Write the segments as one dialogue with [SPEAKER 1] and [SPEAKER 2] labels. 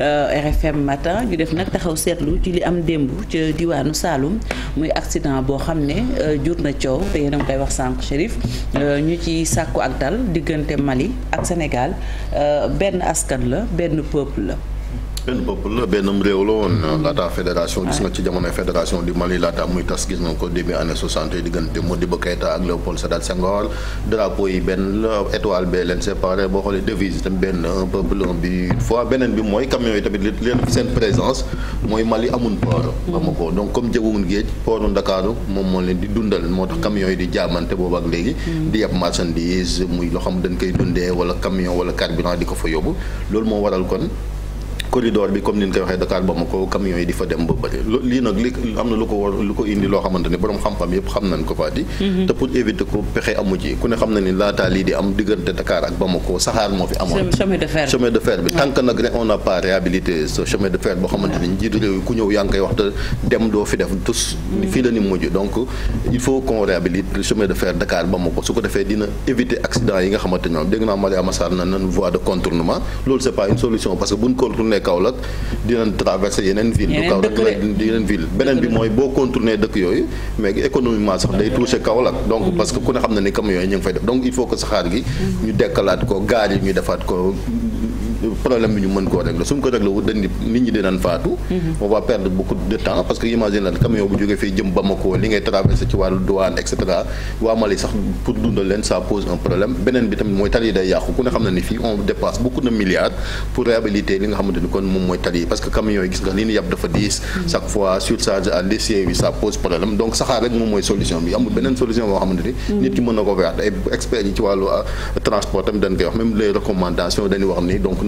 [SPEAKER 1] Euh, RFM matin ñu def nag taxaw seetlu ci li am démb ca diwaanu saalum muy accident boo xam ne euh, jur na coow te yéen a koy wax sànq Chérif euh, ñu ci sàkku ak dal diggante Mali ak Sénégal benn askan la benn peuple la.
[SPEAKER 2] benn peuple la bennam réew la woon laataa fédération gis nga ci jamonoy fédération di Mali laataa muy tas gis nga ko début année 60 diggante Modibo Keïta ak Léopold Sédar Senghor drapeau yi benn la étoile bee leen séparé boo xoolee devise tam benn un peuple un bi mooy camions yi tamit li leen seen présence mooy Mali amun port Bamako donc comme jëwun géej portu Ndakaaru moom moo leen di dundal moo tax camions yi di jaamante boobu ak léegi mm. di yeb marchandise muy loo xam dañ koy dundee wala camion wala carburant di ko fa yóbbu loolu moo waral kon corridor bi comme ni ñu koy waxee Dakar Bamako camions yi di fa dem ba bëri lii nag li am na lu ko indi loo xamante ni xam-xam yëpp mhm. xam na ni laataa lii di am diggante Dakar ak Bamako saxaar moo fi amoon
[SPEAKER 1] chemin
[SPEAKER 2] de fer bi tant que nag on n'a pas réhabilité de fer boo xamante ni réew yi ku ñëw yaa ngi dem doo fi def tus mhm. fii la ni mujj donc il faut qu'on réhabilite le chemin de fer Dakar Bamako su ko defee dina éviter contourner Kaolack dinañ traverser yeneen ville du Kaolack yeneen ville beneen bi mooy boo contourner dëkk yooyu mais économiquement sax day toucher Kaolack donc mm-hmm. parce que ku ne xam ne ni camion yooyu ñu ngi fay def donc il faut que saxaar gi ñu dekkalaat ko gaar yi ñu defaat ko problème bi ñu mën koo régler suñ ko régler wu dañ nit ñi dinañ faatu mhm. on va perdre beaucoup de temps parce que imagine la camion bu jógee fii jëm Bamako li ngay traversé ci wàllu douane et cetera waa Mali sax pour dundal leen ça pose un problème beneen bi tamit mooy tali day yàqu ku ne xam ne ni fii on dépasse beaucoup de milliards pour réhabiliter li nga xamante ni kon moom mooy tali parce que camion yi gis nga li ñu yàpp dafa diis mhm. chaque fois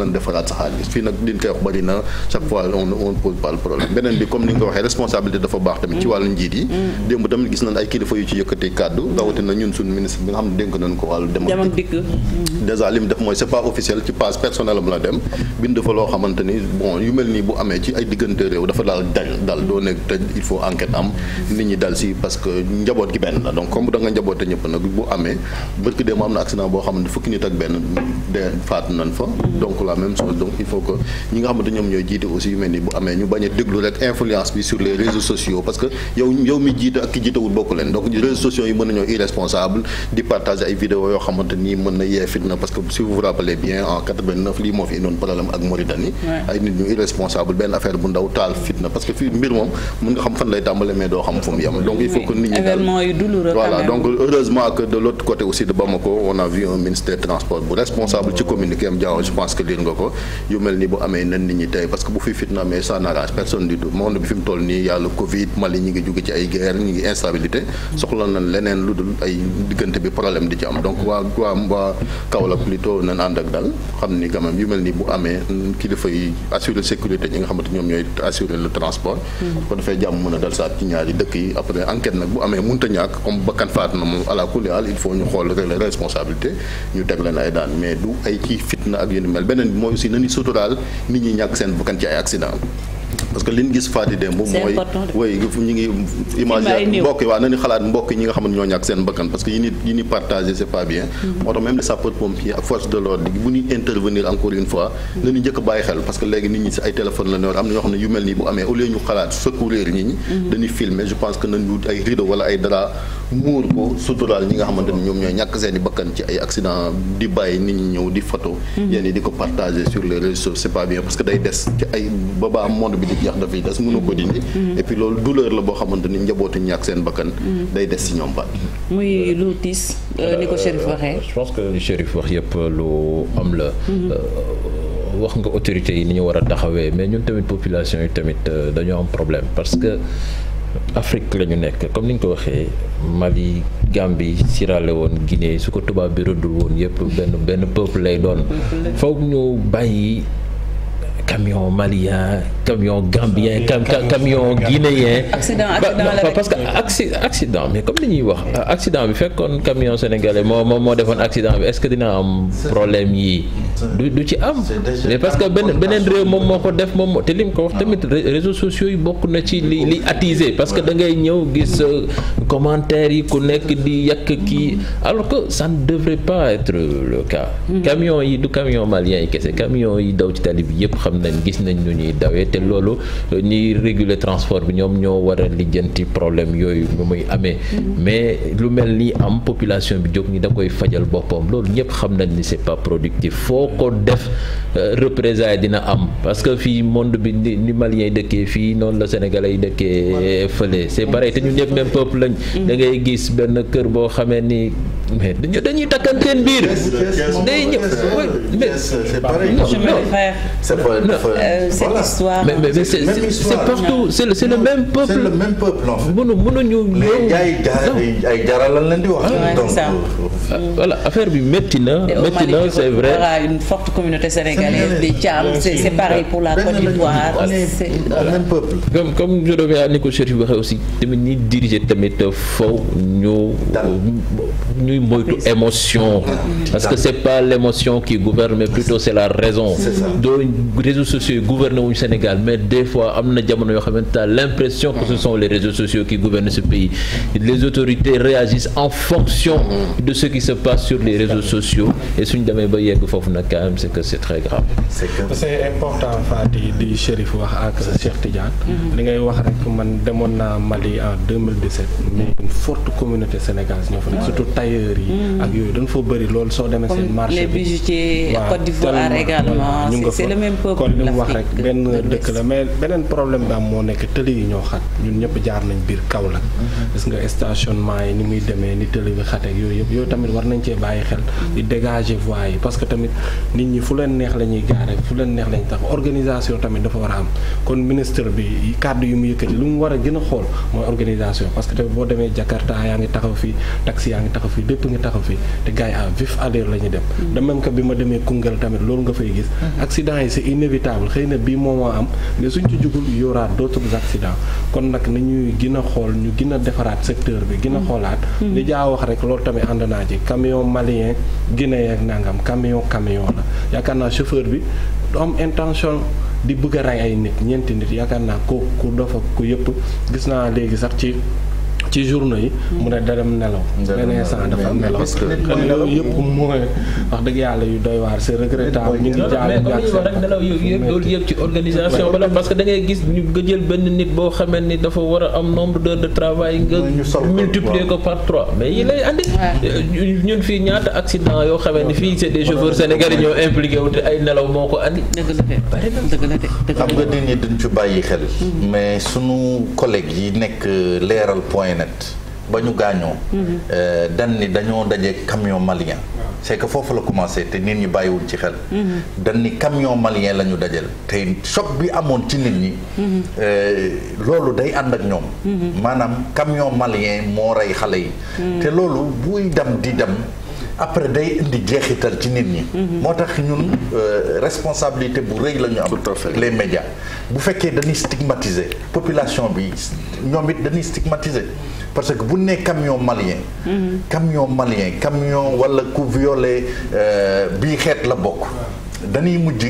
[SPEAKER 2] nañ defaraat sa xaalis fii nag liñ koy wax bëri na chaque fois on on pose pas le problème beneen bi comme ni nga ko waxee responsabilité dafa baax tamit ci wàllu njiit yi démb tamit gis nañ ay kilifa yu ci yëkkati kàddu rawatina ñun suñu ministre bi nga xam ne dénk nañ ko am la dem bind fa loo xamante bon yu mel nii bu amee ci ay diggante réew dafa daal dal doo nekk tëj il faut enquête am nit ñi dal si parce que njaboot gi benn donc comme da nga njaboote ñëpp nag bu amee bërki dee am na accident ak benn dee faatu nañ la même donc il faut que ñi nga xamante ñoom ñooy jiite aussi yu mel ni bu amee ñu bañ déglu rek influence bi sur les réseaux sociaux parce que yow mi jiite ak ki jiitewul bokk leen donc réseaux sociaux yi mën nañoo irresponsable di partager ay vidéo yoo xamante nii mën na yee fitna parce que si vous vous bien en 89 lii moo fi indoon problème ak Mauritanie ay nit ñu irresponsable benn affaire bu ndaw taal fitna parce que mbir moom mën nga ko yu mel ni bu amee nan nit ñi tey parce que bu fi fitna amee ça n'arrange personne du tout monde bi fi toll nii yàlla Covid Mali ñi ngi jóge ci ay guerre ñi ngi instabilité soxla nañ leneen lu dul ay ci hmm. a dal fitna ak yu ni mel beneen beneen bi mooy aussi nañu suturaal nit ñi ñàkk seen bakkan ci ay accident parce que li ñu gis Fadi démb mooy woy ñu ngi image mbokk yi waaw nañu xalaat mbokk ñi nga xam ñoo ñàkk seen bakkan parce que yi ni yi ni partagé c'est pas bien mm-hmm. moo tax même les sapeurs pompiers ak force de l'ordre bu ñuy intervenir encore une fois mm-hmm. nañu njëkk bàyyi xel parce que léegi nit ñi si ay téléphone la ñor am na ñoo xam ne yu mel nii bu amee au lieu ñu xalaat secourir nit ñi mm-hmm. dañuy filmer je pense que nañu ay rideau wala ay dara muur ko suturaal i jeex dafay des mënu ko dindi. Mm-hmm. et puis loolu douleur la boo xamante ni njabootu ñàkk seen bakkan. Mm-hmm. day des si ñoom ba.
[SPEAKER 1] muy lu tiis euh, ni ko Chérif euh, waxee. je
[SPEAKER 3] pense que li Chérif wax yëpp lu am la. Mm-hmm. Euh, wax nga autorité yi ni ñu war a taxawee mais ñun tamit population yi tamit dañoo am problème parce que Afrique la ñu nekk comme ni nga ko waxee Mali Gambie Sierra Leone Guinée su ko tubaab bi rëddul woon yëpp benn benn peuple lay doon. foog ñu bàyyi. camion malien camion gambien camion guinéen parce que acci accident mais comme dañuy wax accident bi fekkoon camion sénégalais moo moo moo defoon accident bi est-ce que dina am problème yii du du ci am mais parce que benn beneen réew moom moo ko def moom te lim ko wax ah. tamit réseaux sociaux yi bokk na ci li li attiser parce que da ngay ñëw gis euh, commentaires yi ku nekk di yàq kii alors que ça ne devrait pas être le cas mm-hmm. camion yi du camion malien yi kese camion yi daw ci tali bi yëpp xam nañ gis nañ nu ñuy dawee te loolu ñuy euh, réguler transport bi ñoom ñoo war a lijjanti problème yooyu mu muy amee mm-hmm. mais lu mel ni am population bi jóg ñi da koy fajal boppam loolu ñëpp xam nañ ni c'est pas productif foo boo ko def euh, représailles dina am parce que fi monde bi ni ni Maliens yi dëkkee fii noonu la Sénégalais yi dëkkee fële c'est pareil te ñu ñëpp même peuple lañ mm. da gis benn kër boo xamee ni mais dañuy dañuy takkanteen biir. day ñëw mais c'est pas euh, mais mais c'est partout
[SPEAKER 4] c'est c'est le c'est le même peuple en fait. mënu mënuñu ñëw
[SPEAKER 3] ay jaral lan leen di wax. donc euh, ah, affaire bi métti na. métti na c'est vrai voilà
[SPEAKER 1] une forte communauté sénégalaise des Thiam c'est pareil pour la Côte d'Ivoire.
[SPEAKER 3] comme comme je reviens ni ko Chérif waxee aussi tamit ñi diriger tamit euh, faw ñu. ñuy moytu émotion parce que c'est pas l'émotion qui gouverne mais plutôt c'est la raison doo réseaux sociaux yi gouverne wuñu Sénégal mais des fois am na jamono l'impression que ce mm. sont les réseaux sociaux qui gouvernent ce pays les autorités réagissent en fonction mm. de ce qui se passe sur les réseaux mm. sociaux et suñ demee ba yegg foofu nag quand c'est très grave
[SPEAKER 5] mm-hmm. li ngay wax rek man demoon naa Mali en tailleurs yi. ak mm. yooyu dañ fa bëri loolu soo demee seen. marché bi comme les
[SPEAKER 1] bijoutiers Côte d'Ivoire également. ñu nga
[SPEAKER 5] fa kon benn dëkk la mais beneen problème bi am moo nekk tëli yi ñoo xat ñun ñëpp jaar nañ biir Kaolack. Mm-hmm. gis nga stationnement yi ni muy demee ni tëli bi xate ak yooyu yëpp yooyu tamit war nañ cee bàyyi xel. Mm-hmm. di dégager voie yi parce que tamit nit ñi fu leen neex la ñuy gaare fu leen neex lañ tax organisation tamit dafa war a am kon ministre bi kàddu yi mu yëkkati lu mu war a gën a xool mooy lépp ngi taxaw fii te gars yi à vif allure dem. Mm. de même bi ma demee Koungheul tamit loolu nga fay gis. Mm. accident yi c' est xëy na bii moom moo am mais suñ ci jugul y aura d' autres accidents kon nag nañuy gën a xool ñu gën a defaraat secteur bi. gën a mm. xoolaat. li jaa wax rek loolu tamit ànd naa ci camion malien guinéen ak nangam camion camion la yaakaar naa chauffeur bi du intention. di bëgg a rey ay nit ñeenti nit yaakaar naa ko ku dofa ku yëpp ci journée yi. mu ne da dem nelaw. benn instant dafa nelaw parce que wax dëgg yàlla yu doy waar c'est regrettable. ñu ngi jaar
[SPEAKER 3] loolu parce que da ngay gis ñu jël benn nit boo xamee ni dafa war a am nombre de travail nga multiplier ko par trois mais yi lay fii ñaata accident yoo xamee ni fii c'est des chauffeurs sénégalais wu te ay nelaw moo ko andi. dëgg la dëgg
[SPEAKER 4] la xam nga nit ñi duñ ci bàyyi xel. Mm-hmm. mais sunu collègue yi nekk leeral point net ba ñu gaañoo. Euh, dan ni dañoo daje camion malien. c'est foofu la commencé te nit ñi bàyyiwul ci xel. dan ni camion malien la ñu dajal te choc bi amoon ci nit ñi. Euh, loolu day ànd ak ñoom. maanaam camion malien moo rey xale yi. te loolu buy dem di dem. après day indi jeexital ci nit ñi. Mhm. moo tax ñun euh, responsabilité bu rëy la ñu am. tout à les médias bu fekkee dañuy stigmatiser population bi ñoom it dañuy stigmatiser parce que bu nee camion malien. Mhm. camion malien camion wala ku violé euh, bi xeet la bokk dañuy mujj.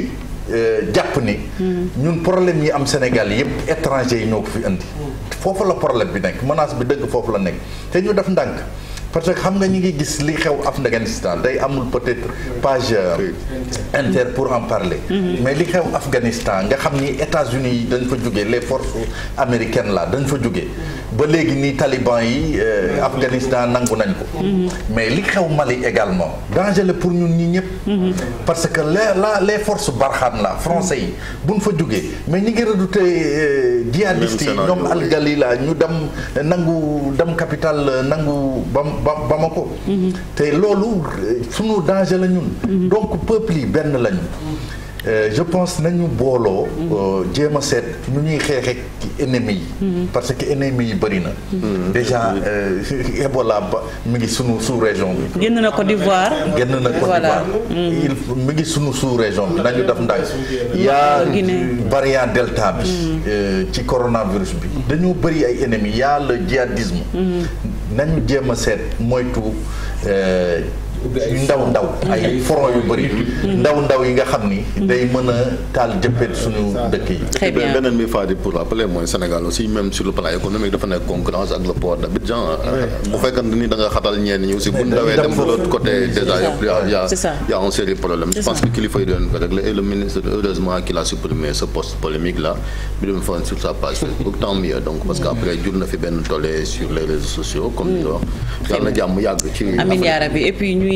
[SPEAKER 4] Euh, jàpp ni mhm. ñun problème yi am Sénégal yëpp étranger yi ñoo ko fi indi foofu la problème bi nekk menace bi dëgg foofu la nekk te ñu def ndànk parce que xam nga ñu ngi gis li xew Afghanistan day amul peut-être page inter pour en parler mhm. mais li xew Afghanistan nga xam ni États-Unis yi dañ fa jóge les forces américaines la dañ fa jóge ba léegi nii taliban yi euh, Afghanistan nangu nañ ko mhm. mais li xew Mali également danger la pour ñu ñi ñëpp mhm. parce que les la les forces Barkhane là français yi buñ fa jógee mais ñi ngi redouté euh, djihadistes yi ñoom Al la ñu dem nangu dem capitale nangu ba ma ko mhm. te loolu sunu danger lañu mhm. donc peuple yi benn lañu. Euh, je pense nañu booloo. Mhm. Euh, jéem a seet ñu ñuy xeex ak ennemis yi. parce que ennemis yi bëri na. déjà euh, Ebola ba mi ngi suñu sous région bi.
[SPEAKER 1] génn na Côte d'Ivoire. génn
[SPEAKER 4] mi ngi sunu sous région bi nañu def ndànk. yaa variant delta bi. ci coronavirus bi. dañoo bëri ay ennemis y a le djihadisme. nañu jéem a seet moytu euh, ndaw ndaw ay foron yu bëri ndaw ndaw yi nga xam ni day mën a taal jëppeet suñu
[SPEAKER 2] dëkk yi mi faa di pour rappeler mooy Sénégal aussi même sur le plan économique dafa nekk concurrence ak le port d'Abidjan bu fekkante ni da nga xatal ñeen ñi aussi bu ndawee dem de l'autre côté déjà y'a y'a un sérieux problème je que kilifa yi doon ko régler et le heureusement qu'il a supprimé ce poste polémique là bi dem fan sur sa page Facebook tant mieux donc parce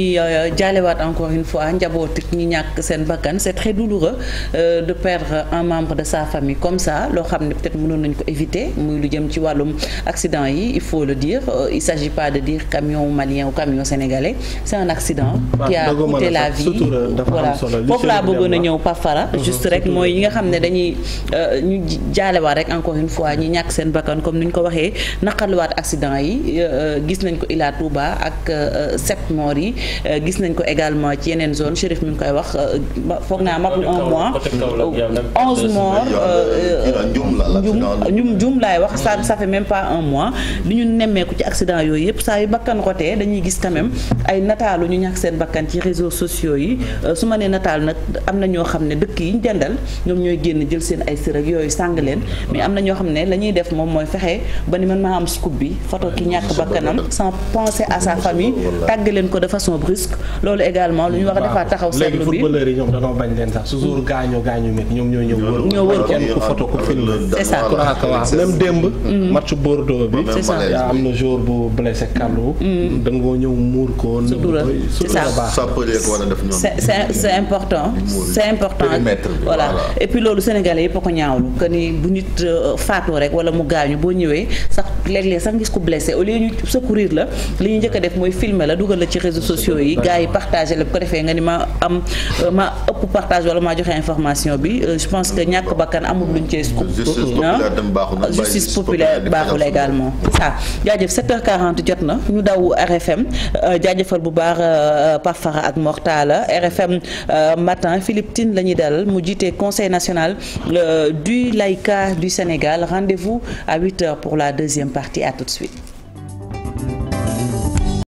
[SPEAKER 1] ñuy euh, jaalewaat encore une fois njaboot ñi ñàkk seen bakkan c'est très douloureux euh, de perdre un membre de sa famille comme ça loo xam ne peut-être mënoon ko éviter muy lu jëm ci wàllum accident yi il faut le dire euh, il s'agit pas de dire camion malien ou camion sénégalais c'est accident qui a coûté la vie voilà foofu laa bëggoon a ñëw Pafara juste rek mooy ñi nga xam ne dañuy ñu jaalewaat rek encore une fois ñi ñàkk seen bakkan comme ni ñu ko waxee naqarluwaat accident yi gis nañ ko Ila Touba ak Euh, gis nañ ko également ci yeneen zone Chérif mi ngi koy wax euh, foog naa mat un mois euh, onze morts njum njum laay wax ça sa fait même pas un mois li ñu nemmeeku ci accident yooyu yëpp saa yu bakkan rotee dañuy gis quand même ay nataalu ñu ñàkk seen bakkan ci réseaux sociaux yi su ma nee nataal nag am na ñoo xam ne dëkk yi ñu jëndal ñoom ñooy génn jël seen ay sër ak yooyu sàng leen mais am na ñoo xam ne lañuy def moom mooy fexe ba ni man maa am scoop bi photo ki ñàkk façon brusque loolu également lu ñu war a defaat taxaw seetlu bi léegi footballeur
[SPEAKER 5] yi ñoom danoo bañ leen sax toujours gaañoo gaañu metti ñoom ñoo ñëw ñoo wër kenn ku photo ku film c'est ça waaw même démb mm. match Bordeaux mm. c'est
[SPEAKER 1] c'est important c'est important voilà et loolu sénégalais yëpp a ko ñaawlu que ni bu nit euh, faatoo rek wala mu gaañu boo ñëwee sax léeg sax ngis ko blessé au lieu ñu secourir la li ñu njëkk a def mooy filmer la dugal la ci réseaux sociaux yi gars yi partagé la bu ko defee nga ni ma am euh, ma ëpp partage wala maa joxe information bi euh, je pense que ñàkk bakkan amul luñ cee scoop justice ah.
[SPEAKER 2] populaire baaxul
[SPEAKER 1] également ça jaajëf 7h40 jot na ñu daw RFM euh, jaajëfal bu baax Pape Fara ak Mortala RFM matin Philippe Tine la ñuy dalal mu jiite conseil national du laïcat du Sénégal rendez-vous à 8h pour la deuxième partie à tout de suite